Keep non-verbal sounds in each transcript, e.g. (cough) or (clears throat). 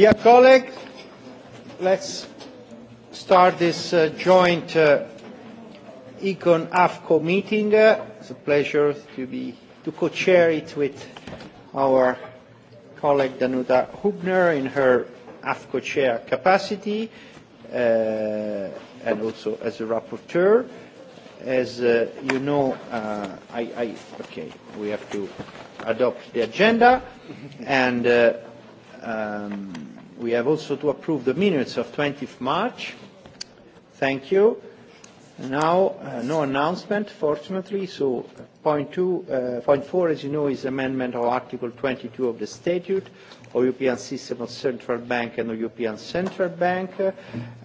Dear colleagues, let's start this uh, joint uh, Econ AFCO meeting. Uh, it's a pleasure to be to co-chair it with our colleague Danuta Hubner in her AFCO chair capacity uh, and also as a rapporteur. As uh, you know, uh, I, I, okay, we have to adopt the agenda and uh, Um, we have also to approve the minutes of 20th March. Thank you. Now, uh, no announcement, fortunately. So, point, two, uh, point four, as you know, is amendment of Article 22 of the Statute of European System of Central Bank and European Central Bank.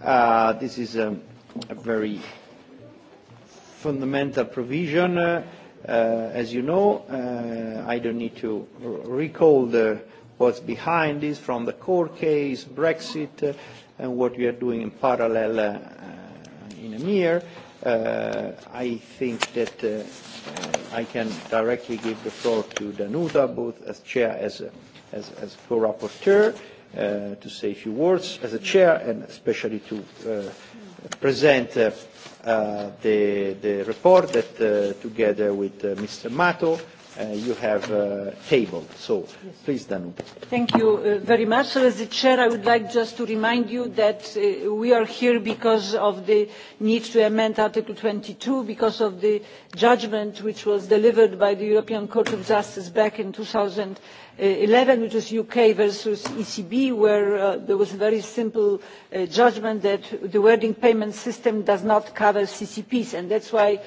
Uh, this is a, a very fundamental provision. Uh, uh, as you know, uh, I don't need to recall the what's behind this from the court case, Brexit, uh, and what we are doing in parallel uh, uh in EMIR. Uh, I think that uh, uh, I can directly give the floor to Danuta, both as chair as, uh, as, as co-rapporteur, uh, to say a few words as a chair and especially to uh, present uh, uh, the, the report that uh, together with uh, Mr. Mato uh, you have uh, tabled. So yes. please, Danu. Thank you uh, very much. So as the chair, I would like just to remind you that uh, we are here because of the need to amend Article 22, because of the judgment which was delivered by the European Court of Justice back in 2000. 11, which is UK versus ECB, where uh, there was a very simple uh, judgment that the wording payment system does not cover CCPs, and that's why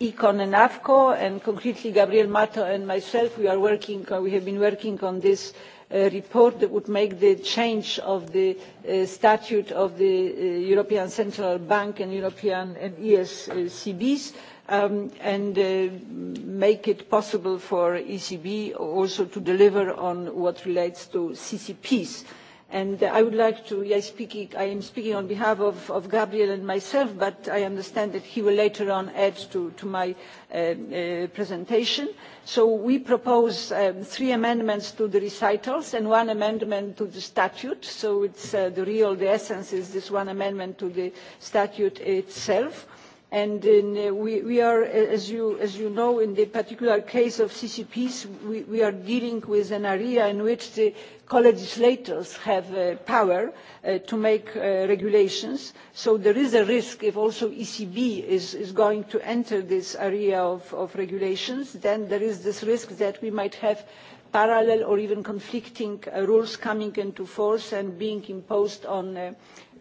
Econ and AFCO, and concretely Gabriel Mato and myself, we, are working, uh, we have been working on this uh, report that would make the change of the uh, statute of the uh, European Central Bank and European and ESCBs um, and uh, make it possible for ECB also to deliver on what relates to CCPs. Uh, And I would like to, yeah, speaking, I am speaking on behalf of, of Gabriel and myself, but I understand that he will later on add to, to my uh, uh, presentation. So we propose um, three amendments to the recitals and one amendment to the statute. So it's uh, the real, the essence is this one amendment to the statute itself. And in, uh, we, we are, uh, as you, as you know, in the particular case of CCPs, we, we are dealing with an area in which the co-legislators have uh, power uh, to make uh, regulations. So there is a risk if also ECB is, is going to enter this area of, of regulations, then there is this risk that we might have parallel or even conflicting uh, rules coming into force and being imposed on uh,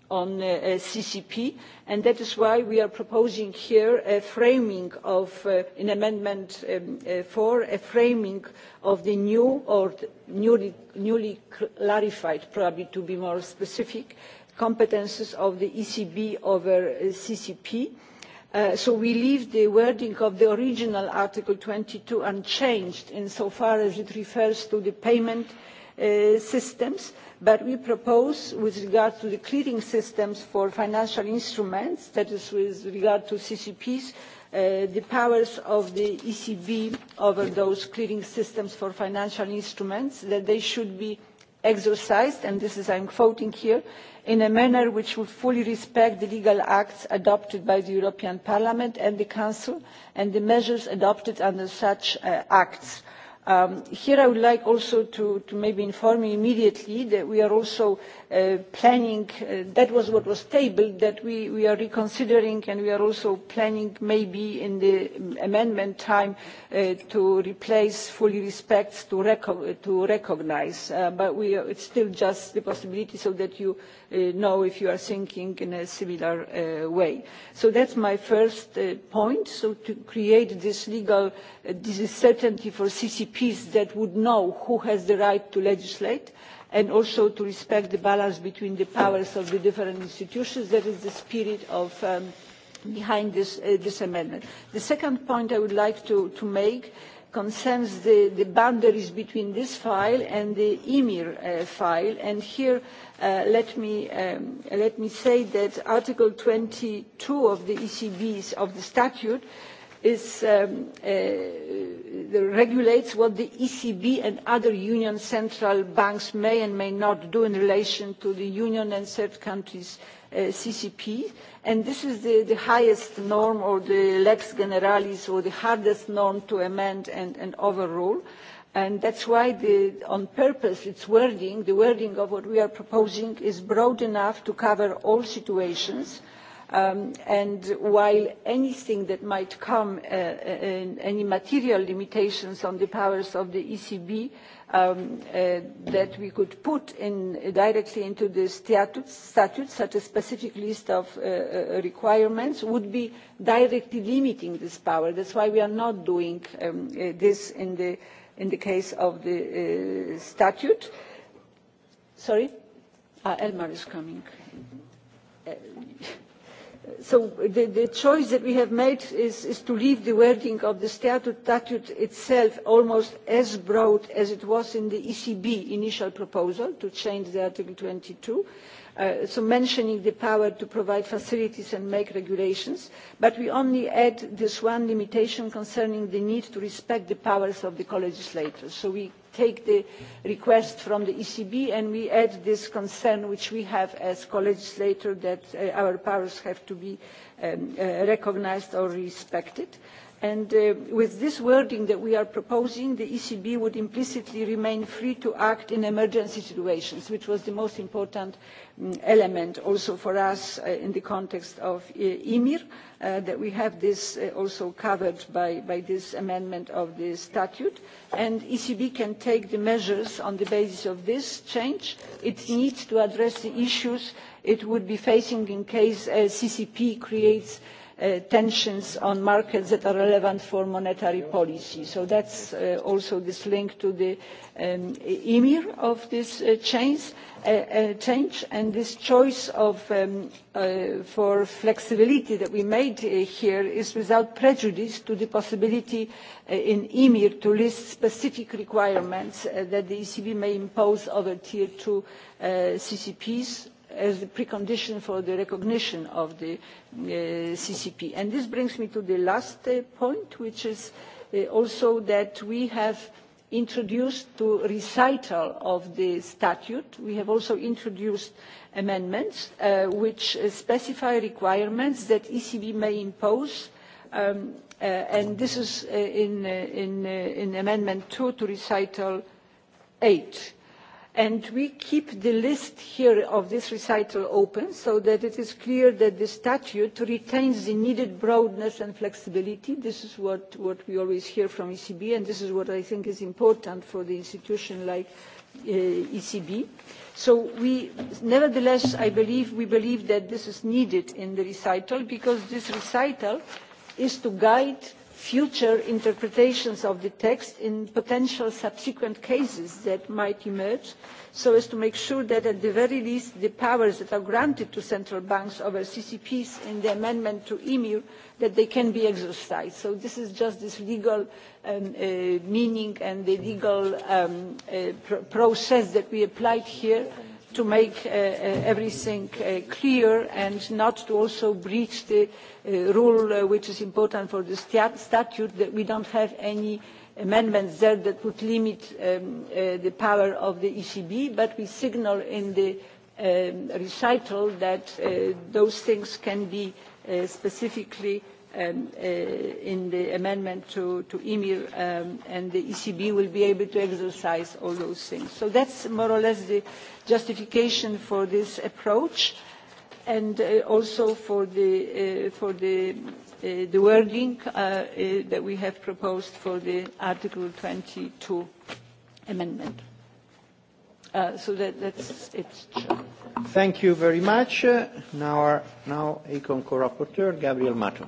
on uh, uh CCP, and that is why we are proposing here a framing of, uh, in Amendment um, uh, 4, a framing of the new or the newly, newly clarified, probably to be more specific, competences of the ECB over uh, CCP. Uh, so we leave the wording of the original Article 22 unchanged insofar as it refers to the payment Uh, systems, but we propose with regard to the clearing systems for financial instruments, that is with regard to CCPs, Uh, the powers of the ECB over those clearing systems for financial instruments, that they should be exercised, and this is I'm quoting here, in a manner which would fully respect the legal acts adopted by the European Parliament and the Council and the measures adopted under such uh, acts. Um, here I would like also to, to maybe inform you immediately that we are also Uh, planning, uh, that was what was tabled, that we, we are reconsidering and we are also planning maybe in the amendment time uh, to replace fully respects to, reco to recognize. Uh, but we are, uh, it's still just the possibility so that you uh, know if you are thinking in a similar uh, way. So that's my first uh, point, so to create this legal, uh, this certainty for CCPs that would know who has the right to legislate and also to respect the balance between the powers of the different institutions. That is the spirit of, um, behind this, uh, this amendment. The second point I would like to, to make concerns the, the boundaries between this file and the EMIR uh, file. And here, uh, let, me, um, let me say that Article 22 of the ECB's, of the statute, uh, is, um, uh, regulates what the ECB and other union central banks may and may not do in relation to the union and third countries uh, CCP. And this is the, the highest norm or the lex generalis or the hardest norm to amend and, and overrule. And that's why the, on purpose its wording, the wording of what we are proposing is broad enough to cover all situations. Mm -hmm Um, and while anything that might come, uh, uh, in any material limitations on the powers of the ECB um, uh, that we could put in uh, directly into the statute, such a specific list of uh, uh, requirements, would be directly limiting this power. That's why we are not doing um, uh, this in the, in the case of the uh, statute. Sorry? Ah, Elmar is coming. Uh, so the, the choice that we have made is, is to leave the wording of the statute, statute itself almost as broad as it was in the ECB initial proposal to change the Article 22 Uh, so mentioning the power to provide facilities and make regulations, but we only add this one limitation concerning the need to respect the powers of the co-legislators. So we take the request from the ECB and we add this concern which we have as co-legislator that uh, our powers have to be um, uh, recognized or respected. Uh, And uh, with this wording that we are proposing, the ECB would implicitly remain free to act in emergency situations, which was the most important um, element also for us uh, in the context of uh, EMIR, uh, that we have this uh, also covered by, by this amendment of the statute. And ECB can take the measures on the basis of this change. It needs to address the issues it would be facing in case a uh, CCP creates Uh, tensions on markets that are relevant for monetary policy. So that's uh, also this link to the um, emir of this uh, change, uh, uh, change and this choice of, um, uh, for flexibility that we made uh, here is without prejudice to the possibility uh, in emir to list specific requirements uh, that the ECB may impose over tier two uh, CCPs as the precondition for the recognition of the uh, CCP. And this brings me to the last uh, point, which is uh, also that we have introduced to recital of the statute, we have also introduced amendments uh, which specify requirements that ECB may impose um, uh, and this is uh, in, uh, in, uh, in amendment 2 to recital 8. And we keep the list here of this recital open so that it is clear that the statute retains the needed broadness and flexibility. This is what, what we always hear from ECB and this is what I think is important for the institution like uh, ECB. So we, nevertheless, I believe, we believe that this is needed in the recital because this recital is to guide future interpretations of the text in potential subsequent cases that might emerge so as to make sure that at the very least the powers that are granted to central banks over CCPs in the amendment to EMIR that they can be exercised. So this is just this legal um, uh, meaning and the legal um, uh, pr process that we applied here to make uh, uh, everything uh, clear and not to also breach the uh, rule uh, which is important for the stat statute that we don't have any amendments there that would limit um, uh, the power of the ECB, but we signal in the um, recital that uh, those things can be uh, specifically um, uh, in the amendment to, to EMIR um, and the ECB will be able to exercise all those things. So that's more or less the justification for this approach and uh, also for the, uh, for the, uh, the wording uh, uh, that we have proposed for the Article 22 amendment. Uh, so that, that's it. Thank you very much. Uh, now, our, now Econ co-rapporteur Gabriel Mato.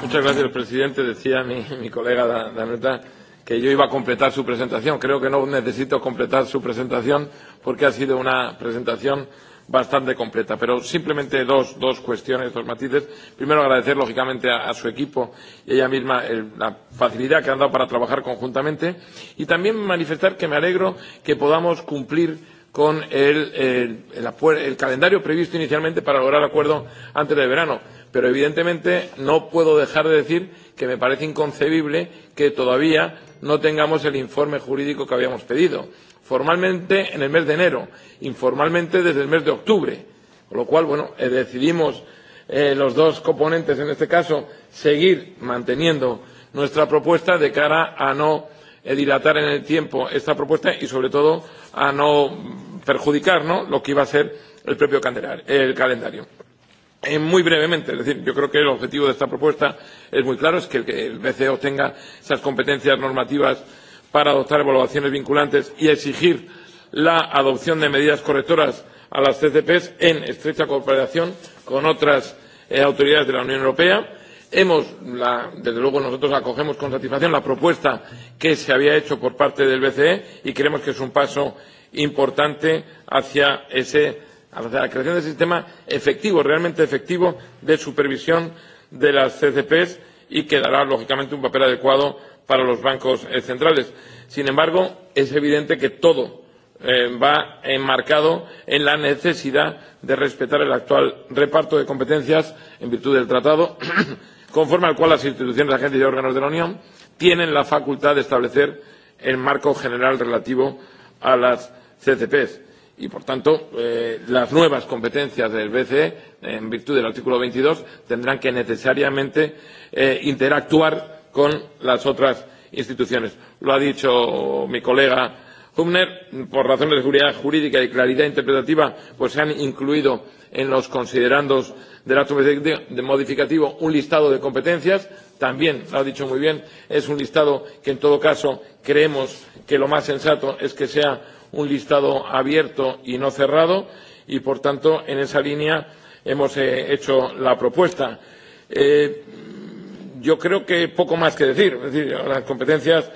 Muchas gracias, presidente. Decía mi, mi colega Daneta que yo iba a completar su presentación. Creo que no necesito completar su presentación porque ha sido una presentación bastante completa. Pero simplemente dos, dos cuestiones, dos matices. Primero, agradecer lógicamente a, a su equipo y ella misma el, la facilidad que han dado para trabajar conjuntamente. Y también manifestar que me alegro que podamos cumplir con el, el, el, el calendario previsto inicialmente para lograr acuerdo antes del verano Pero evidentemente no puedo dejar de decir que me parece inconcebible que todavía no tengamos el informe jurídico que habíamos pedido. Formalmente en el mes de enero, informalmente desde el mes de octubre. Con lo cual, bueno, eh, decidimos eh, los dos componentes en este caso seguir manteniendo nuestra propuesta de cara a no eh, dilatar en el tiempo esta propuesta y sobre todo a no perjudicar ¿no? lo que iba a ser el propio el calendario. Eh, muy brevemente, es decir, yo creo que el objetivo de esta propuesta es muy claro, es que el BCE obtenga esas competencias normativas para adoptar evaluaciones vinculantes y exigir la adopción de medidas correctoras a las CCP en estrecha cooperación con otras eh, autoridades de la Unión Europea. Hemos, la, desde luego, nosotros acogemos con satisfacción la propuesta que se había hecho por parte del BCE y creemos que es un paso importante hacia ese a la creación del sistema efectivo, realmente efectivo, de supervisión de las CCPs y que dará, lógicamente, un papel adecuado para los bancos eh, centrales. Sin embargo, es evidente que todo eh, va enmarcado en la necesidad de respetar el actual reparto de competencias en virtud del tratado, (coughs) conforme al cual las instituciones, agentes y órganos de la Unión tienen la facultad de establecer el marco general relativo a las CCPs y, por tanto, eh, las nuevas competencias del BCE, en virtud del artículo 22, tendrán que necesariamente eh, interactuar con las otras instituciones. Lo ha dicho mi colega Hubner, por razones de seguridad jurídica y claridad interpretativa, pues se han incluido en los considerandos del acto modificativo un listado de competencias. También, lo ha dicho muy bien, es un listado que en todo caso creemos que lo más sensato es que sea un listado abierto y no cerrado y, por tanto, en esa línea hemos eh, hecho la propuesta. Eh, yo creo que poco más que decir. Es decir, las competencias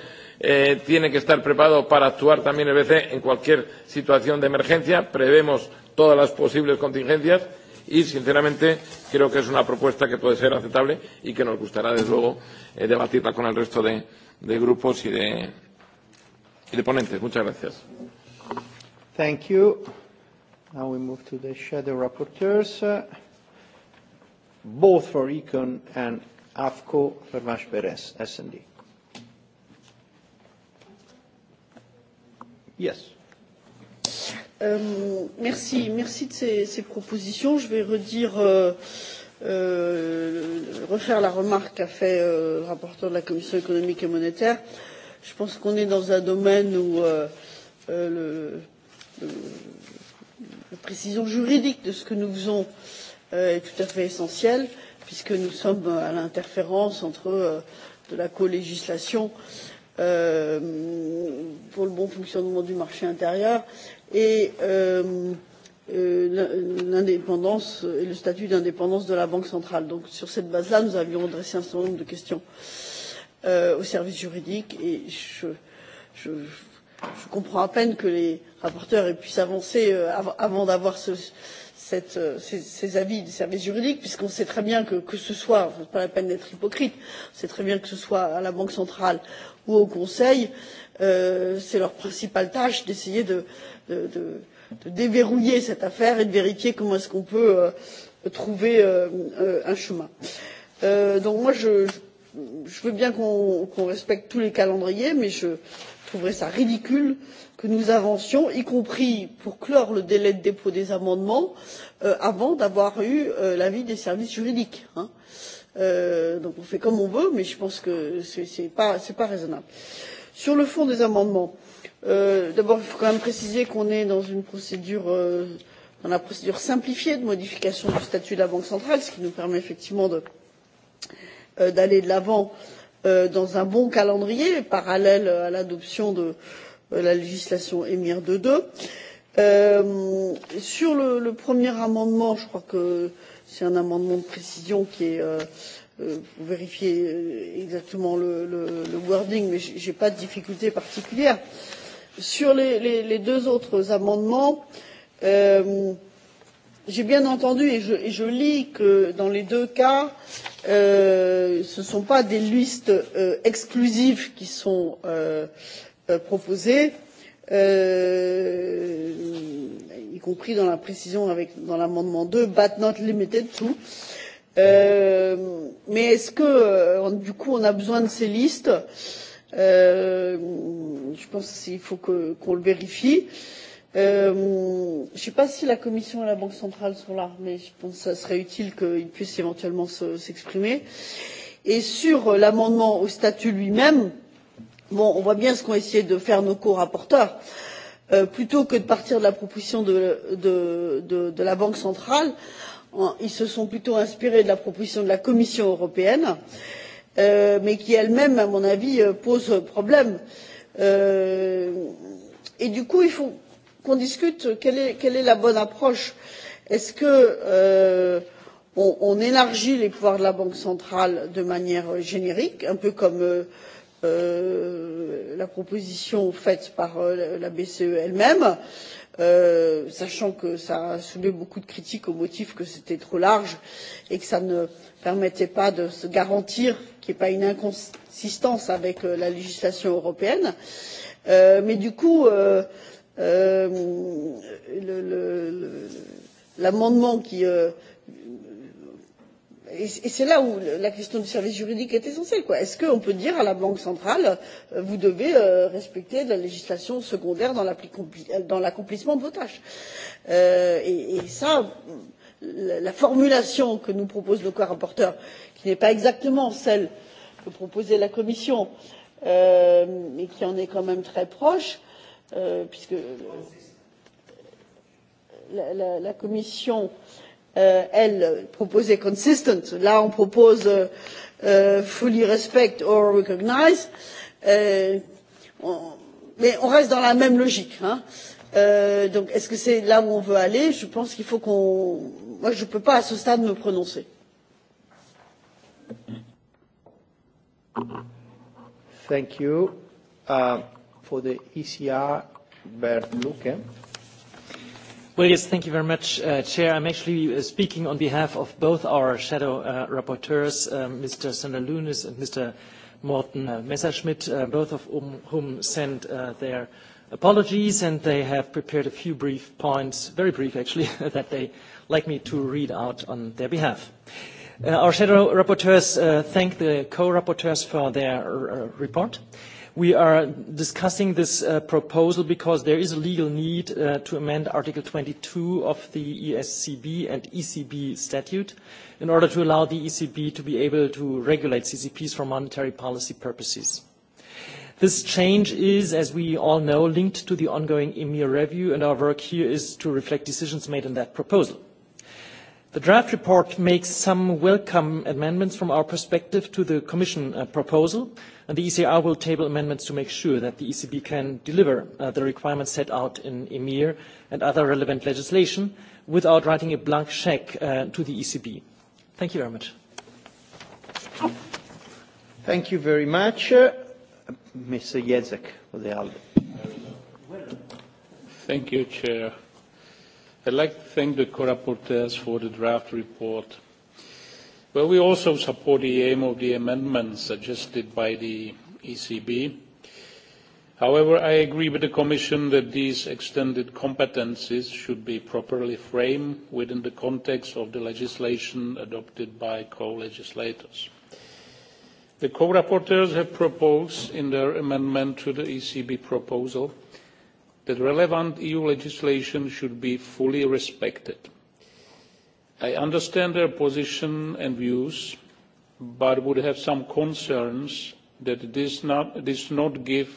eh, tiene que estar preparado para actuar también el BC en cualquier situación de emergencia. Prevemos todas las posibles contingencias y, sinceramente, creo que es una propuesta que puede ser aceptable y que nos gustará, desde luego, eh, debatirla con el resto de, de grupos y de, y de ponentes. Muchas gracias. Thank you. Now we move to the shadow rapporteurs, uh, both for Econ and AFCO, Fermash Perez, S&D. Yes. Euh, merci, merci de ces, ces propositions. Je vais redire, euh, euh, refaire la remarque qu'a fait euh, le rapporteur de la Commission économique et monétaire. Je pense qu'on est dans un domaine où euh, euh, le, le, la précision juridique de ce que nous faisons euh, est tout à fait essentielle, puisque nous sommes à l'interférence entre euh, de la co-législation euh, Euh, pour le bon fonctionnement du marché intérieur et euh, euh, l'indépendance et le statut d'indépendance de la Banque centrale. Donc sur cette base-là, nous avions adressé un certain nombre de questions euh, au service juridique et je, je, je comprends à peine que les rapporteurs aient pu s'avancer euh, avant, avant d'avoir ce, cette, euh, ces, ces avis des services juridiques, puisqu'on sait très bien que, que ce soit, ce n'est pas la peine d'être hypocrite, on sait très bien que ce soit à la Banque centrale ou au Conseil, euh, c'est leur principale tâche d'essayer de, de, de, de déverrouiller cette affaire et de vérifier comment est-ce qu'on peut euh, trouver euh, euh, un chemin. Euh, donc moi, je, je je veux bien qu'on qu respecte tous les calendriers, mais je trouverais ça ridicule que nous avancions, y compris pour clore le délai de dépôt des amendements, euh, avant d'avoir eu euh, l'avis des services juridiques. Hein. Euh, donc on fait comme on veut, mais je pense que ce n'est pas, pas raisonnable. Sur le fond des amendements, euh, d'abord il faut quand même préciser qu'on est dans une procédure. Euh, dans la procédure simplifiée de modification du statut de la Banque centrale, ce qui nous permet effectivement de euh, euh, d'aller de l'avant euh, dans un bon calendrier parallèle à l'adoption de euh, la législation EMIR 2.2. Euh, sur le, le premier amendement, je crois que c'est un amendement de précision qui est euh, euh, vérifier euh, exactement le, le, le wording, mais je n'ai pas de difficulté particulière. Sur les, les, les deux autres amendements, euh, J'ai bien entendu et je, et je lis que dans les deux cas, euh, ce ne sont pas des listes euh, exclusives qui sont euh, euh, proposées, euh, y compris dans la précision avec, dans l'amendement 2, but not limited to. Euh, mais est-ce que, euh, du coup, on a besoin de ces listes euh, Je pense qu'il faut qu'on qu le vérifie. Euh, Euh, je ne sais pas si la Commission et la Banque centrale sont là, mais je pense que ce serait utile qu'ils puissent éventuellement s'exprimer. Se, et sur euh, l'amendement au statut lui-même, bon, on voit bien ce qu'ont essayé de faire nos co-rapporteurs. Euh, plutôt que de partir de la proposition de, de, de, de la Banque centrale, en, ils se sont plutôt inspirés de la proposition de la Commission européenne, euh, mais qui elle-même, à mon avis, euh, pose problème. Euh, et du coup, il faut qu'on discute quelle est, quelle est la bonne approche. Est-ce que euh, on, on élargit les pouvoirs de la Banque centrale de manière générique, un peu comme euh, euh, la proposition faite par euh, la BCE elle-même, euh, sachant que ça a soulevé beaucoup de critiques au motif que c'était trop large et que ça ne permettait pas de se garantir qu'il n'y ait pas une inconsistance avec euh, la législation européenne. Euh, mais du coup, euh, euh, l'amendement qui... Euh, et c'est là où la question du service juridique est essentielle. Est-ce qu'on peut dire à la Banque centrale, euh, vous devez euh, respecter la législation secondaire euh, dans l'accomplissement de vos tâches euh, et, et ça, la, la formulation que nous propose le co-rapporteur, qui n'est pas exactement celle que proposait la Commission, euh, mais qui en est quand même très proche, Euh, puisque euh, la, la, la Commission, euh, elle, proposait consistent. Là, on propose euh, fully respect or recognize. Euh, on, mais on reste dans la même logique. Hein. Euh, donc, est-ce que c'est là où on veut aller Je pense qu'il faut qu'on. Moi, je ne peux pas à ce stade me prononcer. Thank you. Uh, for the ECR, Bert Luke. Well, yes, thank you very much, uh, Chair. I'm actually uh, speaking on behalf of both our shadow uh, rapporteurs, uh, Mr. Sander Lunes and Mr. Morten uh, Messerschmidt, uh, both of whom, whom sent uh, their apologies, and they have prepared a few brief points, very brief actually, (laughs) that they like me to read out on their behalf. Uh, our shadow rapporteurs uh, thank the co-rapporteurs for their uh, report. Uh, We are discussing this uh, proposal because there is a legal need uh, to amend Article 22 of the ESCB and ECB statute in order to allow the ECB to be able to regulate CCPs for monetary policy purposes. This change is, as we all know, linked to the ongoing EMIR review, and our work here is to reflect decisions made in that proposal. The draft report makes some welcome amendments from our perspective to the Commission uh, proposal, and the ECR will table amendments to make sure that the ECB can deliver uh, the requirements set out in EMIR and other relevant legislation without writing a blank cheque uh, to the ECB. Thank you very much. Thank you very much. Uh, Mr. Jezek, for the ALDE. Thank you, Chair. I'd like to thank the co-rapporteurs for the draft report. Well, we also support the aim of the amendments suggested by the ECB. However, I agree with the Commission that these extended competences should be properly framed within the context of the legislation adopted by co-legislators. The co-rapporteurs have proposed in their amendment to the ECB proposal that relevant EU legislation should be fully respected. I understand their position and views, but would have some concerns that this not, this not give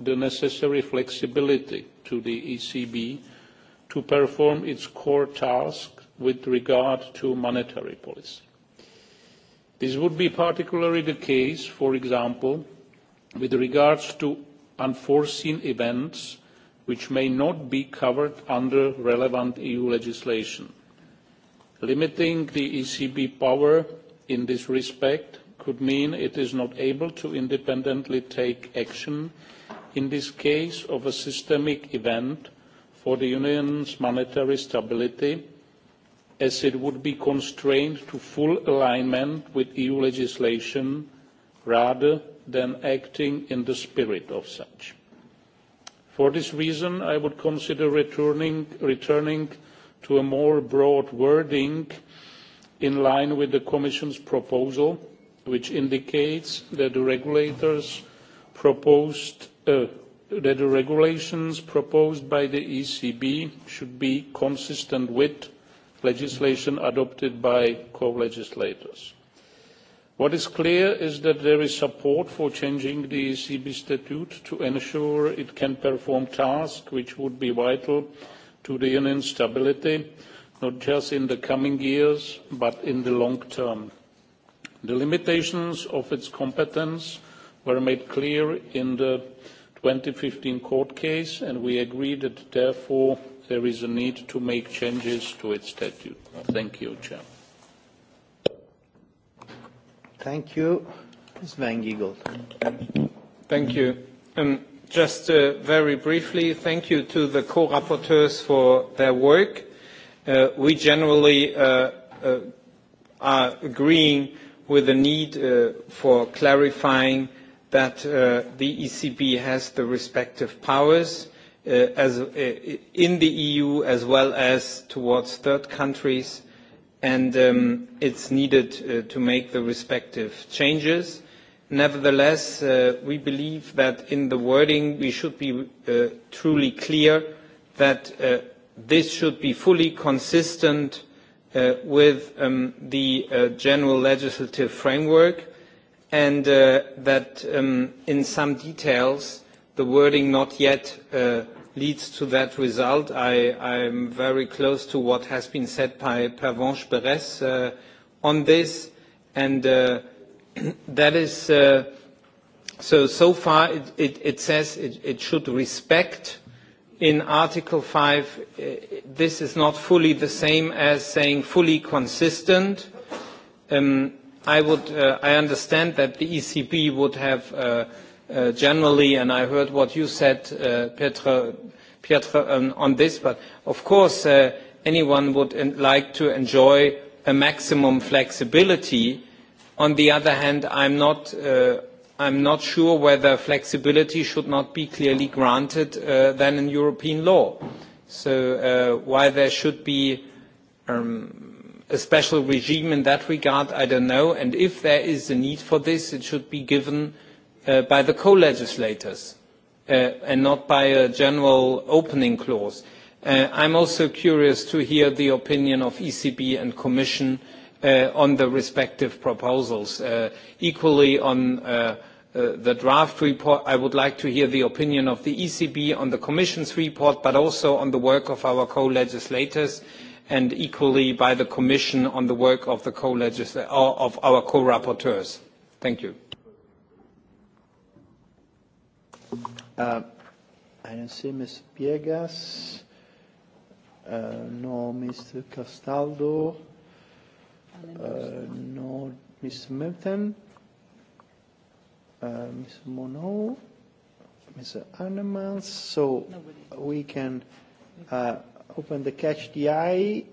the necessary flexibility to the ECB to perform its core task with regard to monetary policy. This would be particularly the case, for example, with regards to unforeseen events which may not be covered under relevant EU legislation. Limiting the ECB power in this respect could mean it is not able to independently take action in this case of a systemic event for the Union's monetary stability as it would be constrained to full alignment with EU legislation rather than acting in the spirit of such. For this reason, I would consider returning, returning to a more broad wording in line with the Commission's proposal, which indicates that the regulators proposed uh, that the regulations proposed by the ECB should be consistent with legislation adopted by co-legislators. What is clear is that there is support for changing the ECB statute to ensure it can perform tasks which would be vital to the union's stability, not just in the coming years, but in the long term. The limitations of its competence were made clear in the fifteen court case, and we agree that therefore there is a need to make changes to its statute. Thank you, Chair. Thank you. Ms. Van Giegel. Thank you. Um, just uh, very briefly, thank you to the co-rapporteurs for their work. Uh, we generally uh, uh, are agreeing with the need uh, for clarifying that uh, the ECB has the respective powers uh, as, uh, in the EU as well as towards third countries and um, it's needed uh, to make the respective changes. Nevertheless, uh, we believe that in the wording we should be uh, truly clear that uh, this should be fully consistent uh, with um, the uh, general legislative framework and uh, that um, in some details the wording not yet uh, leads to that result. I, I'm very close to what has been said by Pervenche Beres uh, on this, and uh, (clears throat) that is, uh, so, so far it, it, it says it, it should respect in Article 5, uh, this is not fully the same as saying fully consistent. Um, I, would, uh, I understand that the ECB would have uh, uh, generally, and I heard what you said, uh, Pietro, Pietro um, on this, but of course uh, anyone would like to enjoy a maximum flexibility. On the other hand, I'm not, uh, I'm not sure whether flexibility should not be clearly granted uh, than in European law. So uh, why there should be um, a special regime in that regard, I don't know. And if there is a need for this, it should be given uh, by the co-legislators uh, and not by a general opening clause. Uh, I'm also curious to hear the opinion of ECB and Commission uh, on the respective proposals. Uh, equally on uh, uh, the draft report, I would like to hear the opinion of the ECB on the Commission's report, but also on the work of our co-legislators and equally by the Commission on the work of, the co uh, of our co-rapporteurs. Thank you. Uh, I don't see Ms. Piegas. Uh, no, Mr. Castaldo. Uh, no, Ms. Milton. Uh, Ms. Monod. Mr. Annemans. So we can uh, open the catch the eye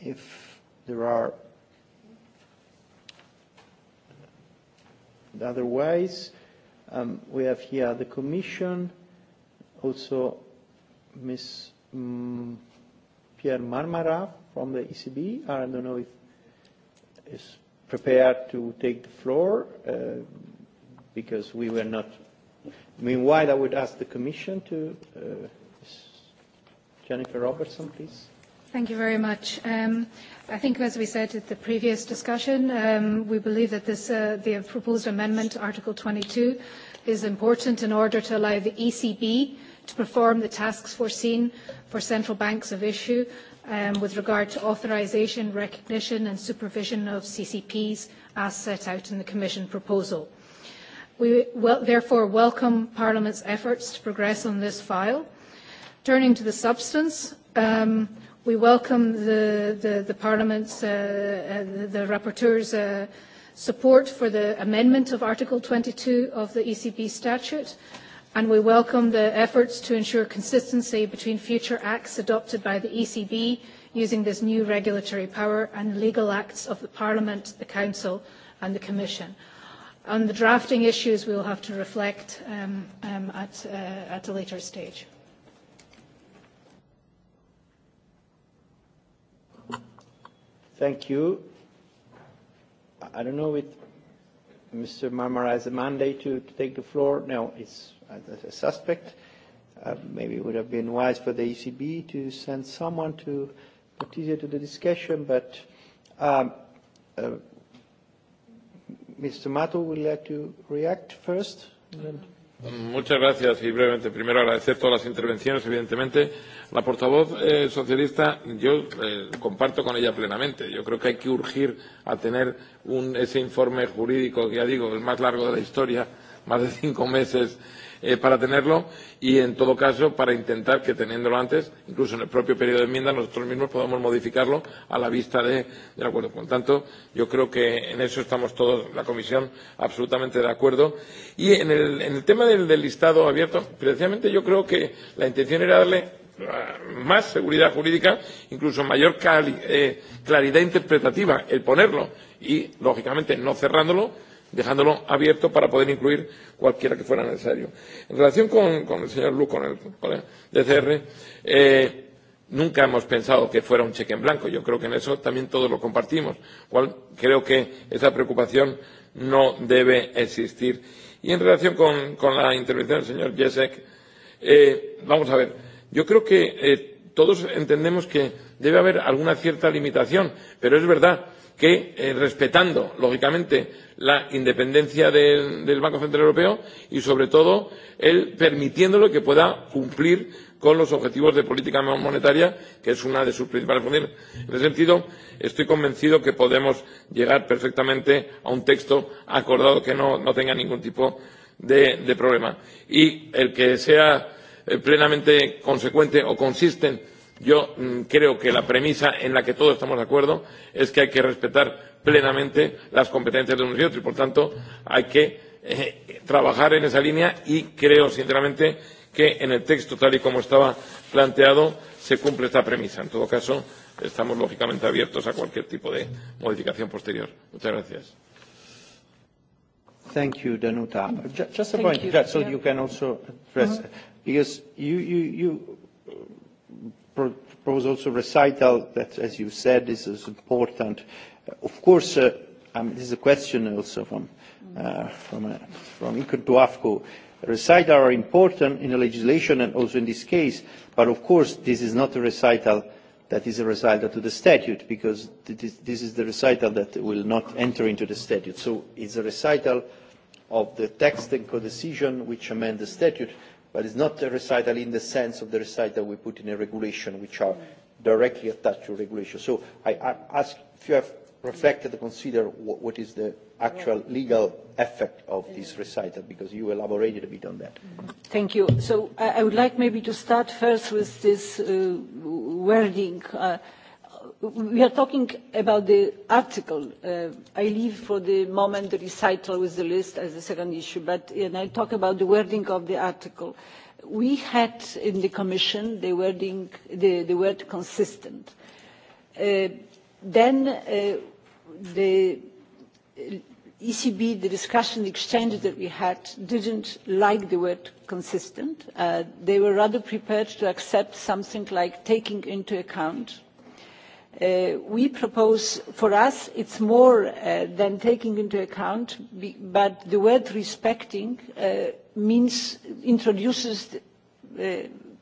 if there are otherwise. Um, we have here the Commission, also Ms. Mm Pierre Marmara from the ECB. I don't know if is prepared to take the floor uh, because we were not. Meanwhile, I would ask the Commission to. Uh, Jennifer Robertson, please. Thank you very much. Um, I think, as we said at the previous discussion, um, we believe that this, uh, the proposed amendment, Article 22, is important in order to allow the ECB to perform the tasks foreseen for central banks of issue um, with regard to authorisation, recognition and supervision of CCPs as set out in the Commission proposal. We wel therefore welcome Parliament's efforts to progress on this file. Turning to the substance, um, We welcome the, the, the Parliament's, uh, uh, the, the Rapporteur's uh, support for the amendment of Article 22 of the ECB statute, and we welcome the efforts to ensure consistency between future acts adopted by the ECB using this new regulatory power and legal acts of the Parliament, the Council and the Commission. On the drafting issues, we will have to reflect um, um, at, uh, at a later stage. Thank you. I don't know if Mr. Marmara has a mandate to, to take the floor. No, it's a, a suspect. Uh, maybe it would have been wise for the ECB to send someone to participate to the discussion, but um, uh, Mr. Mato would like to react first. And then Muchas gracias y brevemente. Primero agradecer todas las intervenciones, evidentemente. La portavoz eh, socialista yo eh, comparto con ella plenamente. Yo creo que hay que urgir a tener un, ese informe jurídico, que ya digo, el más largo de la historia, más de cinco meses eh, para tenerlo y, en todo caso, para intentar que teniéndolo antes, incluso en el propio periodo de enmienda, nosotros mismos podamos modificarlo a la vista de, del acuerdo. Por tanto, yo creo que en eso estamos todos, la Comisión, absolutamente de acuerdo. Y en el, en el tema del, del listado abierto, precisamente yo creo que la intención era darle ah, más seguridad jurídica, incluso mayor cali, eh, claridad interpretativa, el ponerlo y, lógicamente, no cerrándolo, dejándolo abierto para poder incluir cualquiera que fuera necesario. En relación con, con el señor Lu, con el colega de CR, eh, nunca hemos pensado que fuera un cheque en blanco. Yo creo que en eso también todos lo compartimos. Cual, creo que esa preocupación no debe existir. Y en relación con, con la intervención del señor Jesek, eh, vamos a ver, yo creo que eh, todos entendemos que debe haber alguna cierta limitación, pero es verdad que eh, respetando, lógicamente, la independencia del, del Banco Central Europeo y, sobre todo, el permitiéndolo que pueda cumplir con los objetivos de política monetaria, que es una de sus principales funciones. En ese sentido, estoy convencido que podemos llegar perfectamente a un texto acordado que no, no tenga ningún tipo de, de problema. Y el que sea Eh, plenamente consecuente o consisten. Yo mm, creo que la premisa en la que todos estamos de acuerdo es que hay que respetar plenamente las competencias de unos y otros y, por tanto, hay que eh, trabajar en esa línea y creo, sinceramente, que en el texto tal y como estaba planteado se cumple esta premisa. En todo caso, estamos lógicamente abiertos a cualquier tipo de modificación posterior. Muchas gracias. Thank you, Danuta. Just a Thank point, you. so yeah. you can also address. Mm -hmm. Because you, you, you uh, propose also recital that, as you said, is, is important. Of course, uh, I um, mean, this is a question also from, uh, from, uh, from Iker Duafko. Recital are important in the legislation and also in this case, but of course this is not a recital that is a recital to the statute because this is the recital that will not enter into the statute. So it's a recital of the text and co-decision which amend the statute but it's not a recital in the sense of the recital we put in a regulation which are directly attached to regulation. So I, I ask if you have reflected and consider what, what is the actual legal effect of this recital because you elaborated a bit on that. Thank you. So I, I would like maybe to start first with this uh, wording. Uh, we are talking about the article. Uh, I leave for the moment the recital with the list as a second issue, but and I talk about the wording of the article. We had in the Commission the, wording, the, the word consistent. Uh, then uh, the ECB, the discussion, the exchange that we had, didn't like the word consistent. Uh, they were rather prepared to accept something like taking into account Uh, we propose, for us, it's more uh, than taking into account, but the word respecting uh, means introduces, uh,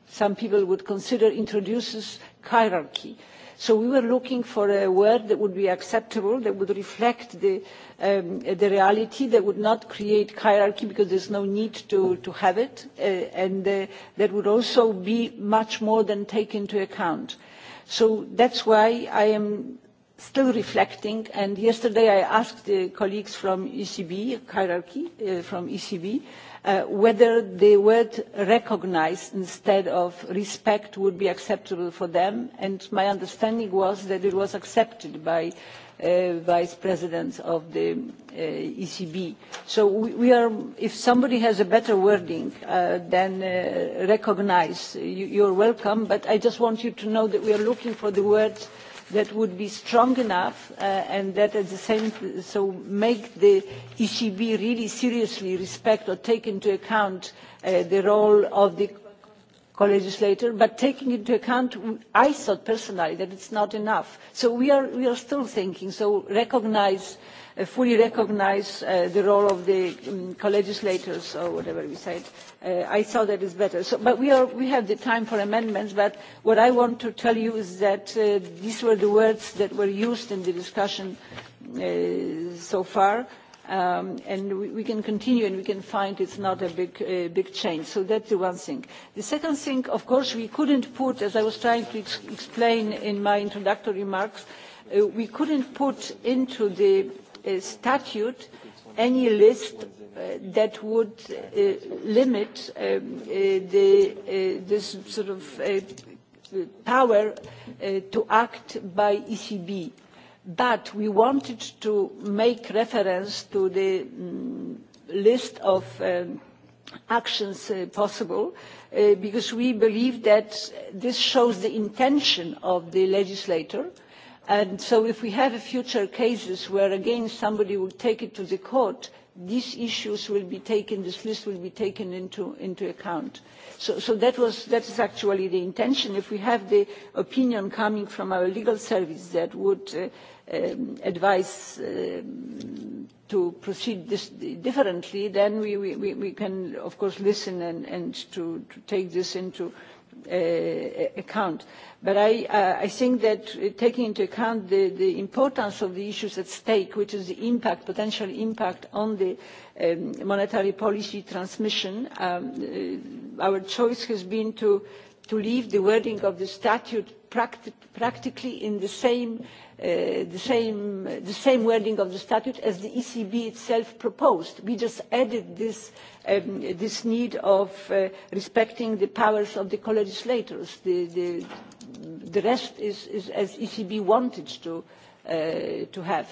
some people would consider introduces hierarchy. So we were looking for a word that would be acceptable, that would reflect the, um, the reality, that would not create hierarchy because there's no need to, to have it, uh, and uh, that would also be much more than taken into account. Uh, So that's why I am still reflecting, and yesterday I asked the colleagues from ECB, hierarchy uh, from ECB, uh, whether the word recognize instead of respect would be acceptable for them, and my understanding was that it was accepted by uh, uh, vice President of the uh, ECB. So we, we are, if somebody has a better wording, uh, then uh, recognize you, you're welcome, but I just want you to know that we are looking for the words that would be strong enough uh, and that at the same so make the ECB really seriously respect or take into account uh, the role of the co-legislator, but taking into account, I thought personally that it's not enough. So we are, we are still thinking, so recognize, uh, fully recognize uh, the role of the um, co-legislators or whatever we said. Uh, I thought that is better. So, but we, are, we have the time for amendments, but what I want to tell you is that uh, these were the words that were used in the discussion uh, so far um, and we, we can continue and we can find it's not a big, uh, big change. So that's the one thing. The second thing, of course, we couldn't put, as I was trying to ex explain in my introductory remarks, uh, we couldn't put into the uh, statute any list uh, that would uh, limit um, uh, the, uh, this sort of uh, power uh, to act by ECB but we wanted to make reference to the mm, list of um, actions uh, possible uh, because we believe that this shows the intention of the legislator and so if we have future cases where again somebody will take it to the court these issues will be taken, this list will be taken into, into account. So, so that, was, that is actually the intention. If we have the opinion coming from our legal service that would uh, um, advise um, to proceed this differently, then we, we, we can, of course, listen and, and to, to take this into account uh, account. But I, uh, I think that taking into account the, the importance of the issues at stake, which is the impact, potential impact on the um, monetary policy transmission, um, uh, our choice has been to, to leave the wording of the statute practi practically in the same, uh, the, same, the same wording of the statute as the ECB itself proposed. We just added this, um, this need of uh, respecting the powers of the co-legislators. The, the, the rest is, is as ECB wanted to, uh, to have.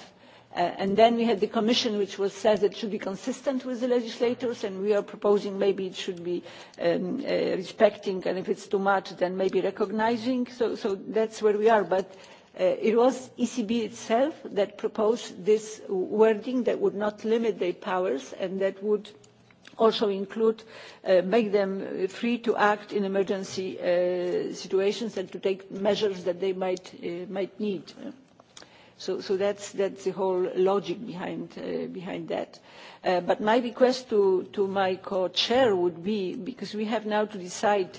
Uh, and then we had the commission which was says it should be consistent with the legislators and we are proposing maybe it should be um, uh, respecting and if it's too much then maybe recognizing. So, so that's where we are. But uh, it was ECB itself that proposed this wording that would not limit their powers and that would also include uh, make them free to act in emergency uh, situations and to take measures that they might, uh, might need. Uh, So, so that's, that's the whole logic behind, uh, behind that. Uh, but my request to, to my co-chair would be, because we have now to decide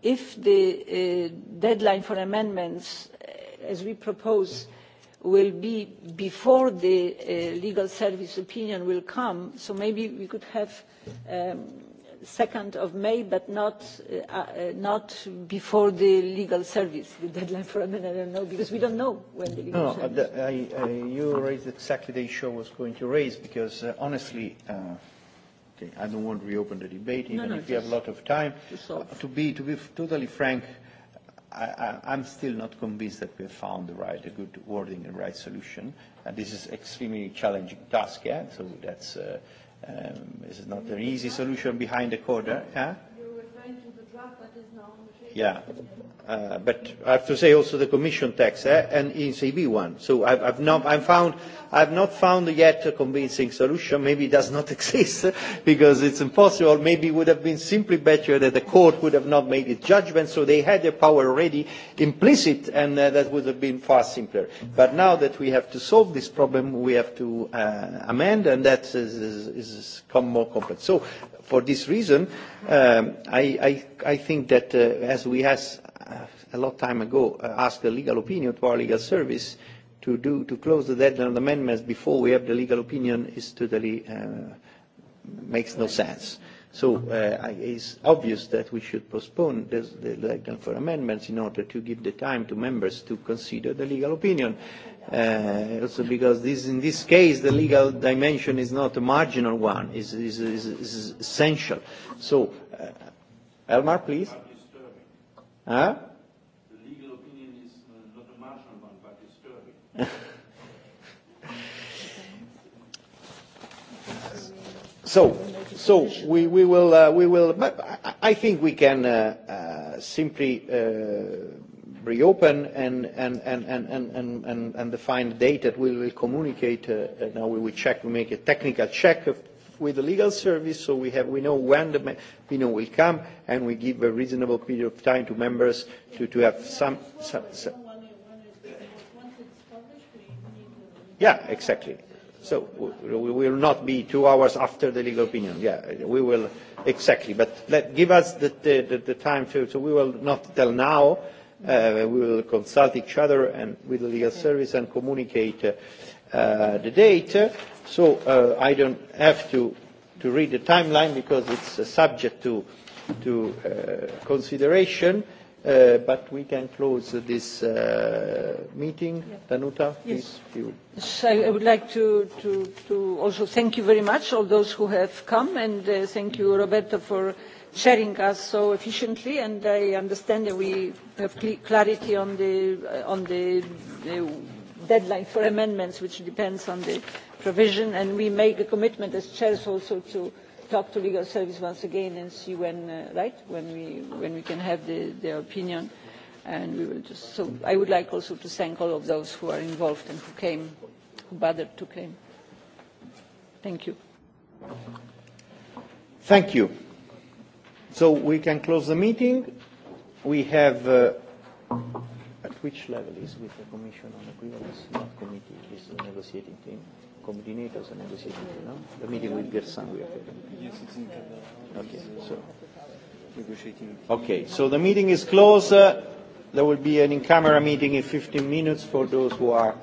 if the uh, deadline for amendments, uh, as we propose, will be before the uh, legal service opinion will come, so maybe we could have um, 2nd of May, but not, uh, uh, not before the legal service, the deadline for amendment, I don't know, because we don't know when the legal no, service... No, uh, I, you raised exactly the issue I was going to raise, because uh, honestly, uh, okay, I don't want to reopen the debate, even no, no, if we have a lot of time. To, uh, to, be, to be totally frank, I, I, I'm still not convinced that we have found the right, a good wording and right solution. And uh, this is extremely challenging task, yeah? So that's... Uh, Um, is not an easy solution behind the corner? Huh? Yeah, uh, but I have to say also the Commission tax, eh, and ECB one. So I've, I've not, I've, found, I've not found yet a convincing solution. Maybe it does not (laughs) exist because it's impossible. Maybe it would have been simply better that the court would have not made its judgment, so they had their power already implicit, and uh, that would have been far simpler. But now that we have to solve this problem, we have to uh, amend, and that is, is, is come more complex. So for this reason, um, I, I, I think that uh, as we has uh, a lot of time ago uh, asked the legal opinion to our legal service to, do, to close the deadline on amendments before we have the legal opinion is totally uh, makes no sense. So uh, it's obvious that we should postpone this, the deadline for amendments in order to give the time to members to consider the legal opinion uh, also because this, in this case the legal dimension is not a marginal one, is is, is, is essential. So, uh, Elmar, please. Huh? The legal opinion is uh, not a marginal one, but disturbing. (laughs) so, so we, we will, uh, we will, but I, I think we can uh, uh, simply. Uh, reopen and, and, and, and, and, and, and, and the final date that we will communicate. Uh, uh, now we will check, we make a technical check of, with the legal service so we, have, we know when the you know, will come and we give a reasonable period of time to members to, to have some... some, some yeah, exactly. So we will not be two hours after the legal opinion. Yeah, we will exactly. But let, give us the, the, the, the time to. So we will not tell now, Uh, we will consult each other and with the legal service and communicate uh, uh, the date. So uh, I don't have to, to read the timeline because it's uh, subject to, to uh, consideration. Uh, but we can close uh, this uh, meeting. Yeah. Danuta, yes. please. You. So I would like to, to, to also thank you very much, all those who have come, and uh, thank you, Roberto, for sharing us so efficiently and I understand that we have cl clarity on the, uh, on the uh, deadline for amendments which depends on the provision and we make a commitment as chairs also to talk to legal service once again and see when, uh, right, when we, when we can have the, their opinion and we will just, so I would like also to thank all of those who are involved and who came, who bothered to came. Thank you. Thank you. So we can close the meeting. We have, uh, at which level is with the Commission on Equivalence? Not committee, is the negotiating team. Coordinators and negotiating team, no? The meeting with Gersan we are taking. Yes, it's in Okay, so. Negotiating. Okay, so the meeting is closed. Uh, there will be an in-camera meeting in 15 minutes for those who are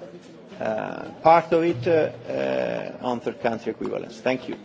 uh, part of it uh, uh, on third country equivalence. Thank you.